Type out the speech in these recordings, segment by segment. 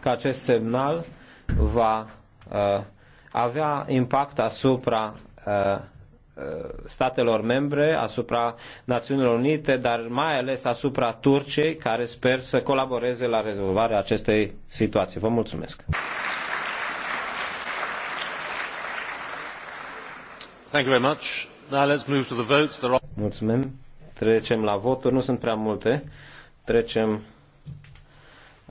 că acest semnal va uh, avea impact asupra uh, uh, statelor membre, asupra Națiunilor Unite, dar mai ales asupra Turciei, care sper să colaboreze la rezolvarea acestei situații. Vă mulțumesc! Thank you very much. Now let's move to the votes. There are... Mulțumim. Trecem la voturi. Nu sunt prea multe. Trecem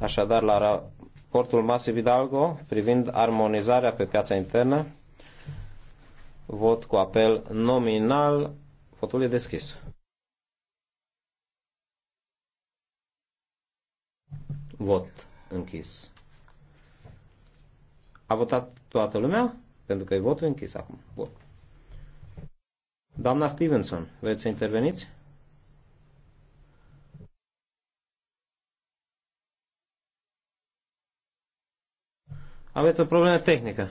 așadar la raportul Masi Vidalgo privind armonizarea pe piața internă. Vot cu apel nominal. Votul e deschis. Vot închis. A votat toată lumea? Pentru că e votul închis acum. Bun. Doamna Stevenson, vreți să interveniți? Aveți o problemă tehnică.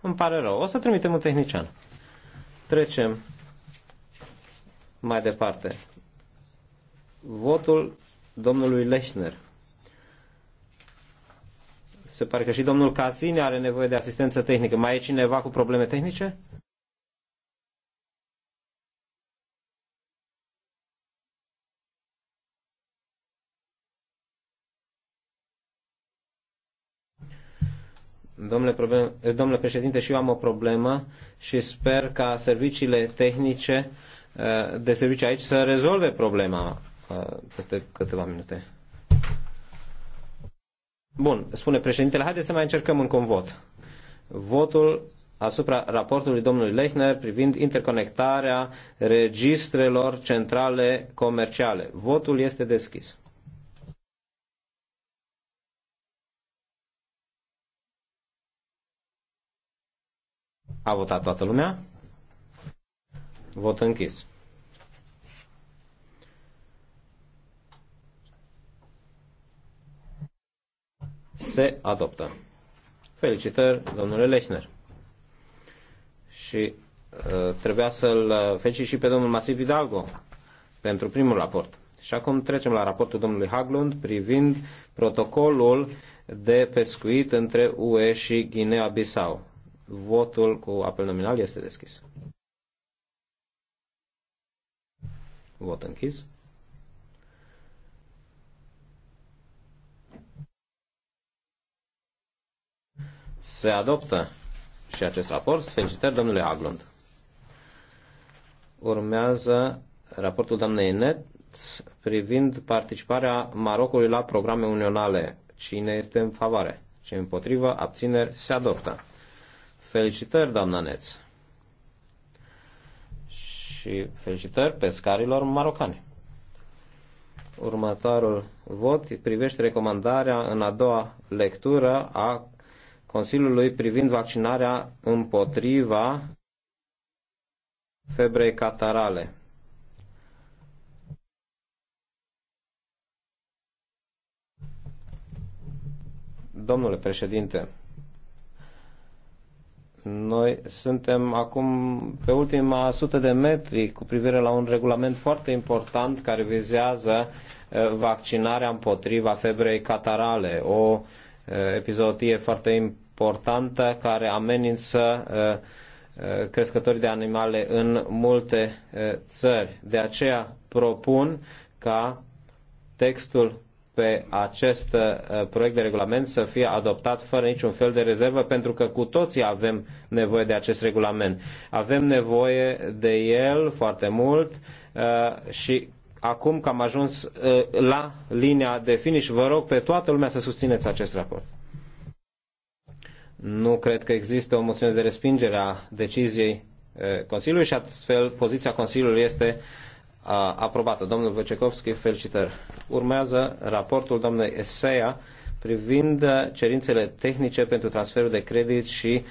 Îmi pare rău. O să trimitem un tehnician. Trecem mai departe. Votul domnului Leșner. Se pare că și domnul Casini are nevoie de asistență tehnică. Mai e cineva cu probleme tehnice? Domnule, problem, eh, domnule președinte, și eu am o problemă și sper ca serviciile tehnice eh, de servicii aici să rezolve problema eh, peste câteva minute. Bun, spune președintele, haideți să mai încercăm încă un vot. Votul asupra raportului domnului Lechner privind interconectarea registrelor centrale comerciale. Votul este deschis. A votat toată lumea? Vot închis. Se adoptă. Felicitări, domnule Lechner. Și uh, trebuia să-l felicit și pe domnul Masip Hidalgo pentru primul raport. Și acum trecem la raportul domnului Haglund privind protocolul de pescuit între UE și Guinea-Bissau. Votul cu apel nominal este deschis. Vot închis. Se adoptă și acest raport. Felicitări, domnule Aglund. Urmează raportul doamnei Net privind participarea Marocului la programe unionale. Cine este în favoare? Ce împotrivă? Abțineri? Se adoptă. Felicitări, doamna Neț. Și felicitări pescarilor marocani. Următorul vot privește recomandarea în a doua lectură a Consiliului privind vaccinarea împotriva febrei catarale. Domnule președinte, noi suntem acum pe ultima sută de metri cu privire la un regulament foarte important care vizează eh, vaccinarea împotriva febrei catarale, o eh, epizodie foarte importantă care amenință eh, crescătorii de animale în multe țări. De aceea propun ca textul pe acest uh, proiect de regulament să fie adoptat fără niciun fel de rezervă, pentru că cu toții avem nevoie de acest regulament. Avem nevoie de el foarte mult uh, și acum că am ajuns uh, la linia de finish, vă rog pe toată lumea să susțineți acest raport. Nu cred că există o moțiune de respingere a deciziei Consiliului și astfel poziția Consiliului este uh, aprobată. Domnul Vecekovski, felicitări. Urmează raportul domnului Eseia privind uh, cerințele tehnice pentru transferul de credit și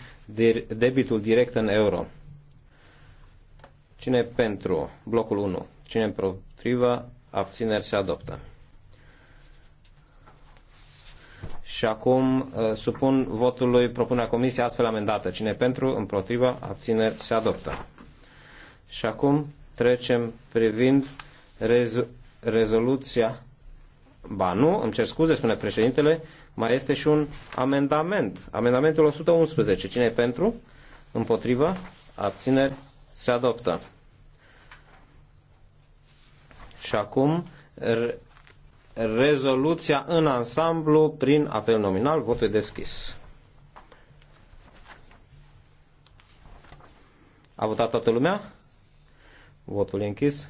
debitul direct în euro. Cine pentru? Blocul 1. Cine împotrivă? Abțineri se adoptă. Și acum uh, supun votului propunerea comisiei astfel amendată. Cine pentru? Împotrivă? Abțineri se adoptă. Și acum trecem privind rezo- rezoluția. Ba nu, îmi cer scuze, spune președintele, mai este și un amendament. Amendamentul 111. Cine e pentru? Împotrivă? Abțineri? Se adoptă. Și acum re rezoluția în ansamblu prin apel nominal. Votul e deschis. A votat toată lumea? Votul e închis.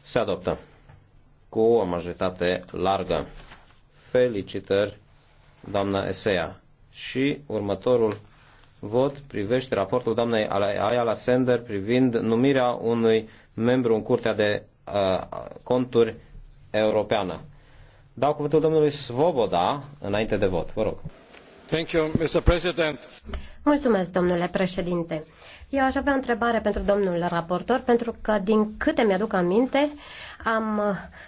Se adoptă cu o majoritate largă. Felicitări, doamna Esea. Și următorul vot privește raportul doamnei Ayala Sender privind numirea unui membru în Curtea de uh, Conturi Europeană. Dau cuvântul domnului Svoboda înainte de vot. Vă rog. Mulțumesc, domnule președinte. Eu aș avea o întrebare pentru domnul raportor, pentru că, din câte mi-aduc aminte, am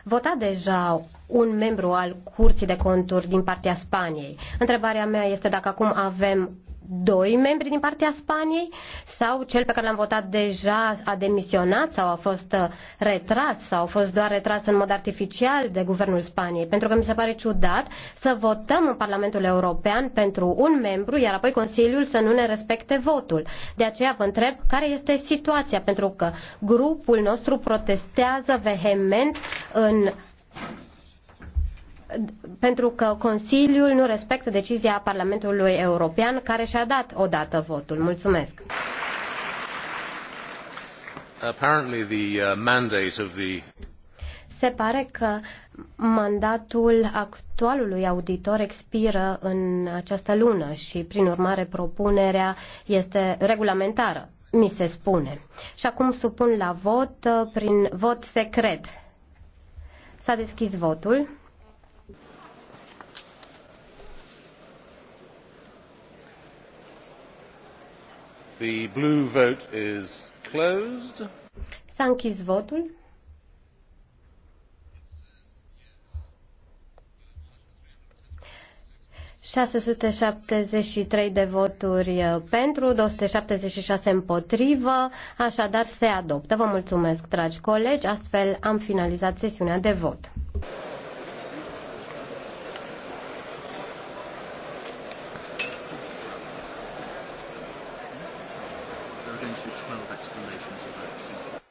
votat deja un membru al Curții de Conturi din partea Spaniei. Întrebarea mea este dacă acum avem doi membri din partea Spaniei sau cel pe care l-am votat deja a demisionat sau a fost uh, retras sau a fost doar retras în mod artificial de guvernul Spaniei? Pentru că mi se pare ciudat să votăm în Parlamentul European pentru un membru, iar apoi Consiliul să nu ne respecte votul. De aceea vă întreb care este situația, pentru că grupul nostru protestează vehement în pentru că Consiliul nu respectă decizia Parlamentului European care și-a dat odată votul. Mulțumesc. Apparently the uh, mandate of the se pare că mandatul actualului auditor expiră în această lună și, prin urmare, propunerea este regulamentară, mi se spune. Și acum supun la vot uh, prin vot secret. S-a deschis votul. The blue vote is closed. S-a închis votul. trei de voturi uh, pentru, 276 împotrivă, așadar se adoptă. Vă mulțumesc, dragi colegi, astfel am finalizat sesiunea de vot. going to be 12 explanations of votes.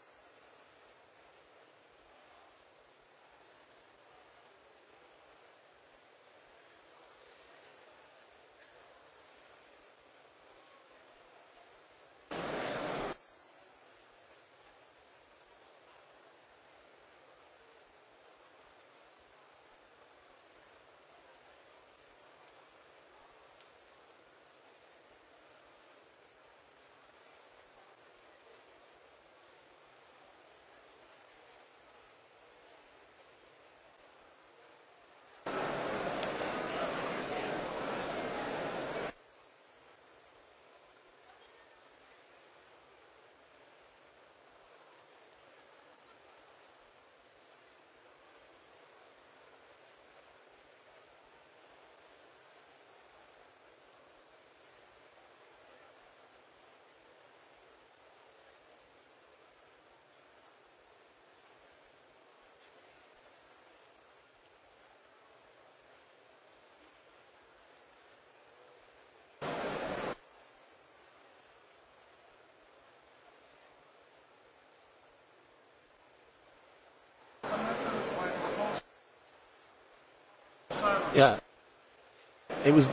yeah. It was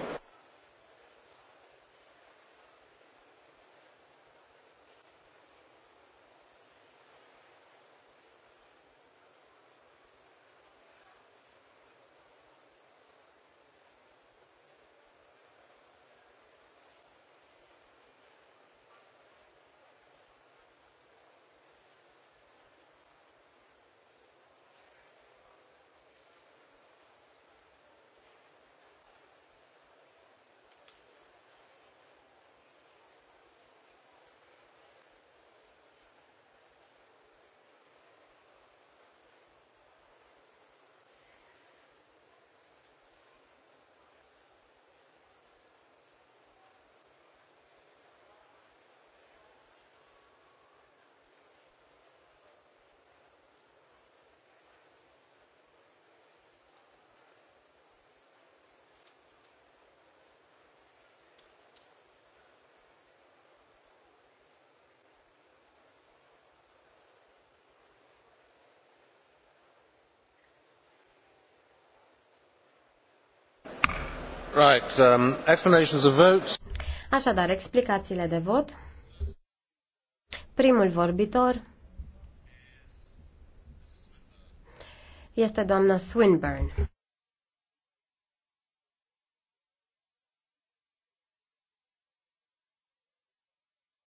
Right, um, explanations of Așadar, explicațiile de vot. Primul vorbitor este doamna Swinburne.